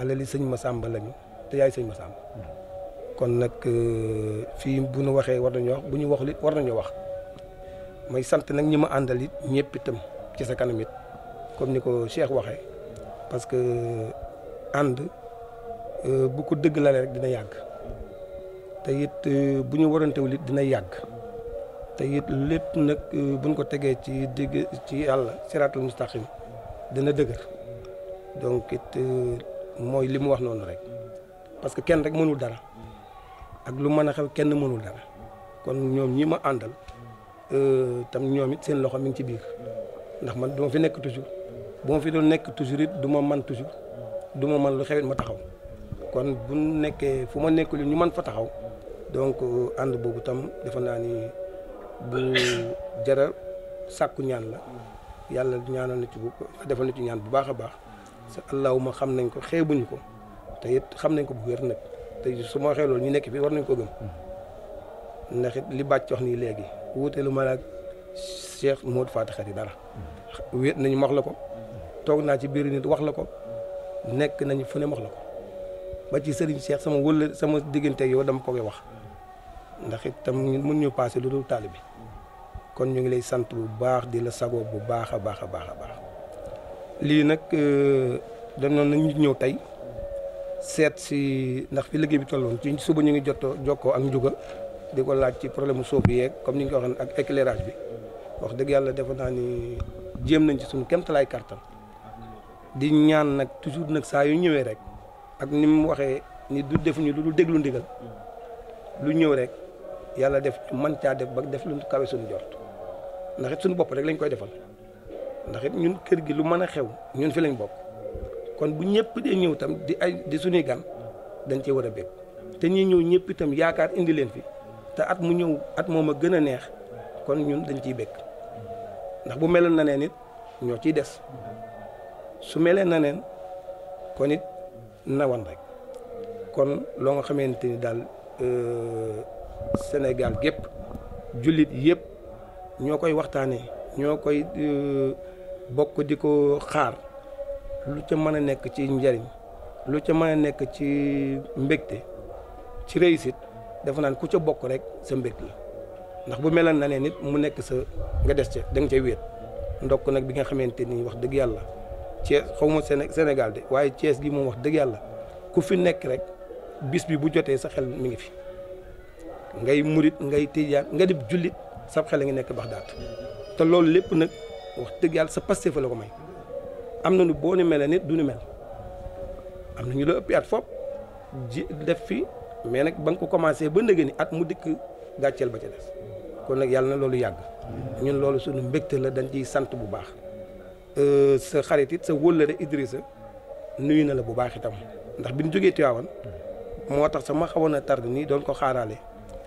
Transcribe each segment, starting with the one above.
alali sëñ Massamba lañu te yaay sëñ ma Massamba kon nag euh, fii bu ñu waxee war nañu wax bu ñu wax li war nañu wax mooy sant nag ñi ma àndal it ñëpp itam ci sa kanam it comme ni ko Cheikh waxee parce que euh, ànd euh, bu ko dëgg lale rek dina yàgg te it bu ñu warantewul it dina yàgg te it lépp nag buñ ko tegee ci digg ci yàlla siraatul mustaqim dina dëgër donc it mooy li mu wax noonu rek parce que kenn rek mënul dara ak lu mën a xew kenn mënul dara kon ñoom ñi ma àndal euh, tam ñoom it seen loxo mi ngi ci biir ndax man du fi nekk toujours bu ma fi doon nekk toujours it du ma man toujours du ma man lu xewit ma taxaw kon bu nekkee fu ma nekkul ñu man fa taxaw donc euh, ànd boobu tam defe naa ni bu jara sàkku ñaan la yàlla ñaanal na ci bu defal na ci ñaan bu baax a baax sa allahuma xam nañ ko xeebuñu ko te it xam nañ ko bu wér nag te su ma waxee loolu ñu nekk fii war nañ ko gëm ndax it li bàcc wax nii léegi wuuteelu ma ak Cheikh Modou Faty Khary dara wéet nañu wax la ko toog naa ci biir nit wax la ko nekk nañu fu ne wax la ko ba ci sëriñ Cheikh sama wëla sama diggante yow dama ko wax ndax it tam mun ñu passé lu dul taali bi kon ñu ngi lay sant bu baax di la sagoo bu baax a baax a baax a baax lii nag euh, dañ noon nañu ñëw tey seet si ndax fi liggéey bi tolloon ci suba ñu ngi jottoo jokkoo ak njuga di ko laaj ci problème mu suuf bi yeeg comme ni nga ko waxee ak éclairage bi wax dëgg yàlla defe naa ni jéem nañ ci suñu kéemtalaay kàttan di ñaan nag toujours nag saa yu ñëwee rek ak ni mu waxee ni du defuñu lu dul déglu ndigal lu ñëw rek yàlla def man caa def ba def lu kawe suñu jort ndax it suñu bopp rek lañ koy defal. ndax it ñun kër gi lu mën a xew ñun fi lañ bokk kon bu ñëpp dee ñëw tam di ay di suñuy gan dañ cee war a bég te ñi ñëw ñëpp itam yaakaar indi leen fi te at mu ñëw at moom a gën a neex kon ñun dañ ciy bég ndax bu meloon na neen it ñoo ciy des su melee na neen kon it nawan rek kon loo nga xamante ni daal euh, Sénégal gépp jullit yëpp ñoo koy waxtaanee ñoo koy euh, bokk di ko xaar lu ca mën a nekk ci njariñ lu ca mën a nekk ci mbégte ci réussite dafa naan ku ca bokk rek sa mbégte la ndax bu melan na ne nit mu nekk sa nga des ca danga nga cay wéet ndokk nag bi nga xamante ni wax dëgg yàlla Thiès xaw ma Sénégal de waaye cees gi moom wax dëgg yàlla ku fi nekk rek bis bi bu jotee sa xel mi ngi fi ngay murit ngay tijaan nga def jullit sa xel a ngi nekk Baxdaad te loolu lépp nag wax dëgg yàlla sa Pastef la ko may am na nu boo ni mele nit du nu mel am na ñu la ëpp yaat fop ji def fi mais nag ba nga ko commencé ba ndege ni at mu dikk gàcceel ba ca des kon nag yàlla na loolu yàgg ñun loolu suñu mbégte la dañ ciy sant bu baax euh, sa xarit it sa wóllëre Idrissa nuyu na la bu baax itam ndax bi ñu jógee Tiwaawan moo tax sama xawoon a tardé nii doon ko xaaraale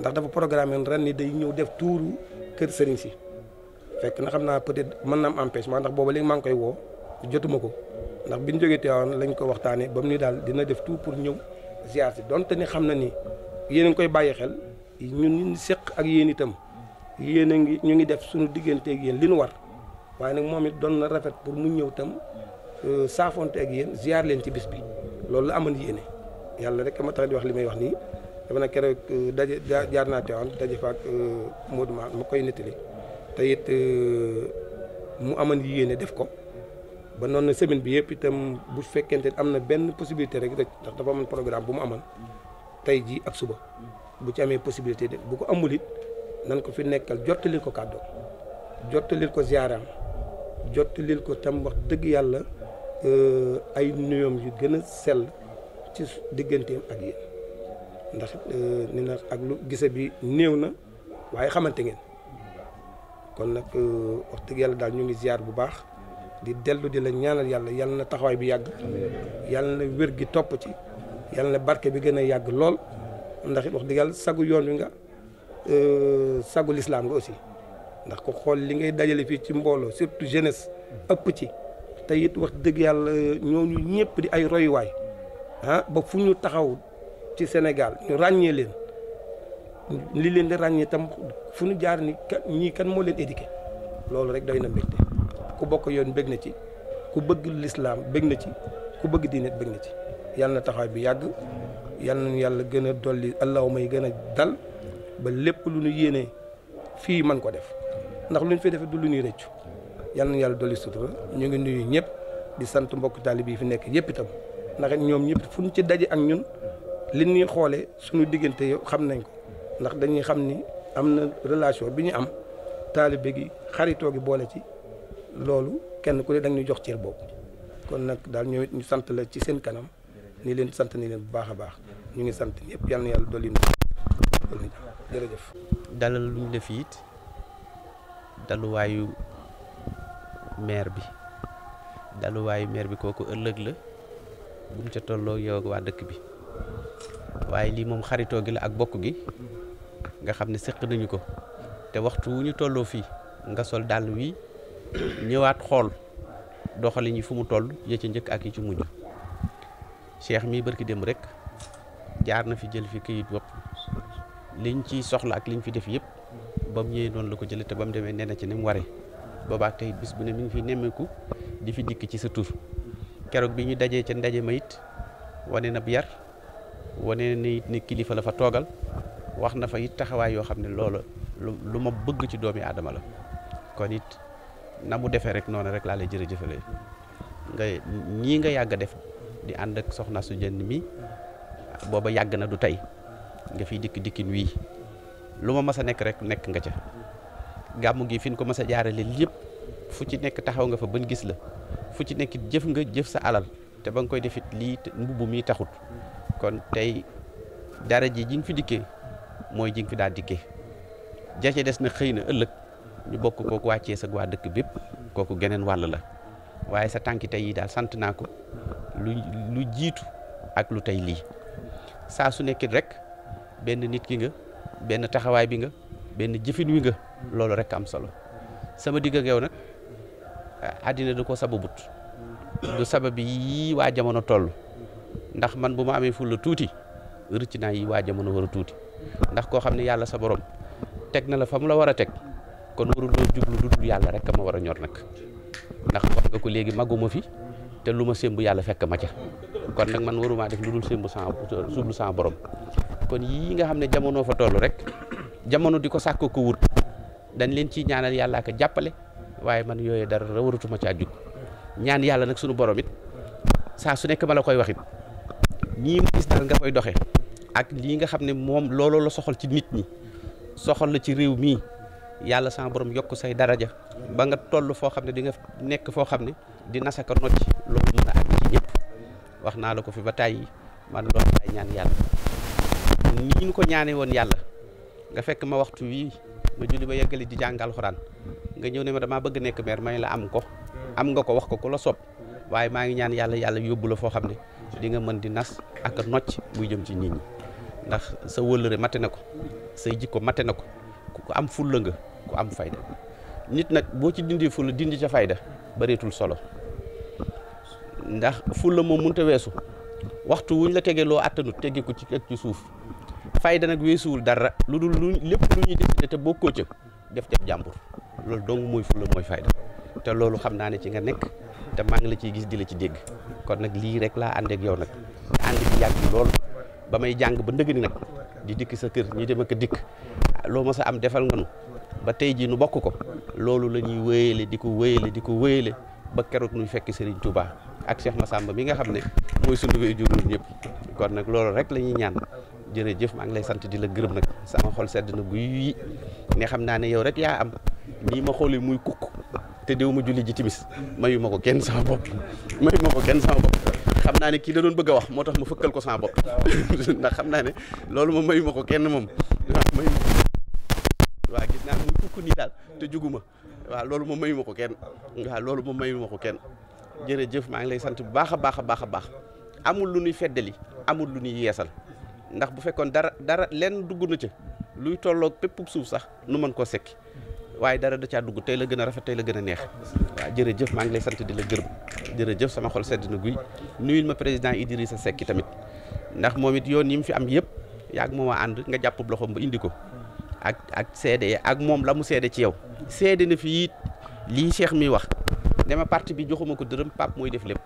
ndax dafa programme ren ni day ñëw def tuuru kër sëriñ si fekk na xam naa peut-être mën na am empêchement ndax booba léegi maa ngi koy woo jotuma ko ndax bi ñu jógee Tivaouane lañ ko waxtaane ba mu ni daal dina def tout pour ñëw ziar si te ni xam na ni yéen a ngi koy bàyyi xel ñun ñu seq ak yéen itam yéen a ngi ñu ngi def suñu digganteeg yéen li nu war waaye nag moom it doon na rafet pour mu ñëw itam euh, saafonte ak yéen ziar leen ci bis bi loolu la aman yéene yàlla rek ma tax di wax li may wax nii dama ne keroog euh, daje jaar naa Tivaouane daje fa ak euh, ma ma koy nettali te it euh, mu aman yéene def ko ba noonu semaine bi yëpp itam bu fekkente am na benn possibilité rek rek ndax dafa amoon programme bu mu aman tey jii ak suba bu ci amee possibilité de bu ko amul it nan ko fi nekkal jottalil ko kàddu jottalil ko ziaram jottalil ko tam wax dëgg yàlla euh, ay nuyoom yu gën a sel ci digganteem ak yéen ndax euh, ni na ak lu gise bi néew na waaye xamante ngeen kon nag euh, wax dëgg yàlla daal ñu ngi ziar bu baax di dellu di la ñaanal yàlla yàlla na taxawaay bi yàgg yàlla na wér gi topp ci yàlla na barke bi gën a yàgg lool ndax it wax dëgg yàlla sagu yoon wi nga euh, sagu lislaam nga aussi ndax ko xool li ngay dajale fii ci mbooloo surtout jeunesse ëpp ci te it wax dëgg yàlla euh, ñooñu ñëpp di ay royuwaay ah ba fu ñu taxaw ci Sénégal ñu ràññee leen li leen di ràññee tam fu ñu jaar ni kan ñii kan moo leen éduqué loolu rek doy na mbégte ku bokk yoon bég na ci ku bëgg lislaam bég na ci ku bëgg diine bég na ci yàlla na taxawaay bi yàgg yàlla nañu yàlla gën a dolli allahuma yi gën a dal ba lépp lu ñu yéenee fii man ko def ndax lu ñu fi defee du lu ñuy rëccu yàlla nañu yàlla dolli sutura ñu ngi nuyu ñëpp di sant mbokk taalib yi fi nekk yëpp itam ndax ñoom ñëpp fu ñu ci daje ak ñun li ñuy xoolee suñu diggante yow xam nañ ko ndax dañuy xam ni am na relation bi ñu am taalibe gi xaritoo gi boole ci loolu kenn ku ne dañuy jox cër boobu kon nag daal ñoo ñu sant la ci seen kanam ni leen sant ni leen bu baax a baax ñu ngi sant ñëpp yal na yàlla dolli na jërëjëf dalal lu ñu def it daluwaayu maire bi daluwaayu maire bi kooku ëllëg la bu mu ca tolloo yow waa dëkk bi waaye lii moom xaritoo gi la ak bokk gi nga xam ne séq nañu ko te waxtu wu ñu tolloo fii nga sol dàll wi ñëwaat xool doxalin yi fu mu toll ya ca njëkk ak yi ci mujj cheikh mi barki dem rek jaar na fi jël fi këyit bopp liñ ciy soxla ak liñ fi def yëpp ba mu ñëwee noonu la ko jëlee te ba mu demee nee na ci ni mu waree boobaa tey bis bu ne mi ngi fi nemmeeku di fi dikk ci sa tur keroog bi ñu dajee ca ndaje mayit it wane na bu yar wane na it ni kilifa la fa toogal wax na fa it taxawaay yoo xam ne looloo lu ma bëgg ci doomi aadama la kon it na mu defee rek noonu rek laa la lay jërëjëfalee nga ñii nga yàgg a def di ànd ak soxna su jënd mi booba yàgg na du tey nga fi dikk dikkin wii lu ma mas a nekk rek nekk nga ca gàmmu gi fi ko mas a leen lépp fu ci nekk taxaw nga fa bañ gis la fu ci nekk jëf nga jëf sa alal te ba nga koy defit lii mbubb mii taxut kon tey dara ji ji nga fi dikkee mooy ji nga fi daa dikkee ja ca des na xëy na ëllëg ñu bokk kooku wàccee sag waa dëkk bépp kooku geneen wàll la waaye sa tànki tey yi daal sant naa ko lu jiitu ak lu tey lii saa su nekkee rek benn nit ki nga benn taxawaay bi nga benn jëfin wi nga loolu rek am solo sama digg ak yow nag àddina du ko sababut du sabab yi waa jamono toll ndax man bu ma amee fulla tuuti rëcc naa yi waa a mën war a tuuti ndax koo xam ne yàlla sa borom teg na la fa mu la war a teg kon waruloo jublu lu dul yàlla rek ma war a ñor nag ndax wax nga ko léegi maguma fi te lu ma sémb yàlla fekk ma ca kon nag man waruma def lu dul bu sans sublu sans borom kon yi nga xam ne jamono fa toll rek jamono di ko sàkk ko wut dañ leen ciy ñaanal yàllaa ko jàppale waaye man yooyu dara waratuma caa jug ñaan yàlla nag sunu borom it saa su nekk ma wax ñii mu gis nga koy doxe ak lii nga xam ne moom looloo la soxal ci nit ñi soxal la ci réew mii yàlla sama boroom yokk say daraja ba nga toll foo xam ne di nga nekk foo xam ne di nasaka nocc loolu mën a àgg ci ñëpp wax naa la ko fi ba tàyyi man loolu laay ñaan yàlla nii ñu ko ñaane woon yàlla nga fekk ma waxtu wii ma julli ba yeggali di jàng alxuraan nga ñëw ne ma damaa bëgg nekk maire may la am ko am nga ko wax ko ku la sopp waaye maa ngi ñaan yàlla yàlla yóbbu la foo xam ne di nga mën di nas ak nocc buy jëm ci nit ñi ndax sa wëllëre mate na ko say jikko matte na ko ku am fulla nga ku am fayda nit nag boo ci dindi fulla dindi ca fayda bareetul solo ndax fulla moom mënut a weesu waxtu wuñ la tege loo attanut tege ko ci teg ci suuf fayda nag weesuwul dara lu dul lépp lu ñuy décidé te bokkoo ca def def jàmbur loolu dong mooy fulla mooy fayda te loolu xam naa ne ci nga nekk te maa ngi la ciy gis di la ci dégg kon nag lii rek laa ànd ak yow nag ànd bi yàgg lool ba may jàng ba ndëgg ni nag di dikk sa kër ñu dem ak dikk ah, loo ma sa am defal nga ba tey jii nu bokk ko loolu la ñuy wéyale di ko wéyale di ko wéyale ba keroog nuy fekk Serigne Touba ak Cheikh Massamba mi nga xam ne mooy sunu wéyjur ñun ñëpp kon nag loolu rek la ñuy ñaan jërëjëf maa ngi lay sant di la gërëm nag sama xol sedd na guy yi ne xam naa ne yow rek yaa am nii ma xoolee muy kukk te déw ma julli ji timis mayuma ko kenn sama bopp mayu ma ko kenn sama bopp xam naa ne kii da doon bëgg a wax moo tax ma fëkkal ko sama bopp ndax xam naa ne loolu moom mayu ko kenn moom waaw mayu ma ko gis naa muy fukk nii daal te juguma waaw loolu moom mayu ko kenn waaw loolu moom mayu kenn jërëjëf maa ngi lay sant bu baax a baax a baax a baax amul lu ñuy feddali amul lu ñuy yeesal ndax bu fekkoon dara dara lenn dugg na ca luy tolloog pépp suuf sax nu mën koo sekk waaye dara da caa dugg tey la gën a rafet tey la gën a neex waaw jërëjëf maa ngi lay sant di la gërëm jërëjëf sama xol sedd na guy nuyul ma président sa sekki tamit ndax moom it yoon yi mu fi am yëpp yaag moom a ànd nga jàpp loxoom ba indi ko ak ak seede ak moom la mu seede ci yow seede na fi it lii Cheikh mi wax dama parti bi joxuma ko dërëm pap mooy def lépp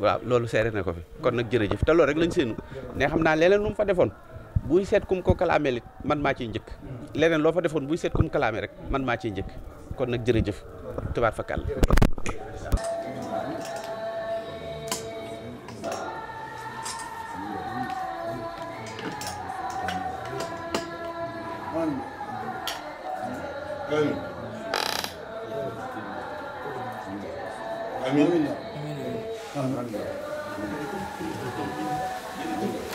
waaw loolu seede na ko fi kon nag jërëjëf te loolu rek lañ seenu ne xam naa leneen lu mu fa defoon buy seet kum ko kalaame man maa ci njëkk leneen loo fa defoon buy seet kum kalaame rek man maa ci njëkk kon nag jërëjëf tubaar fakal amiin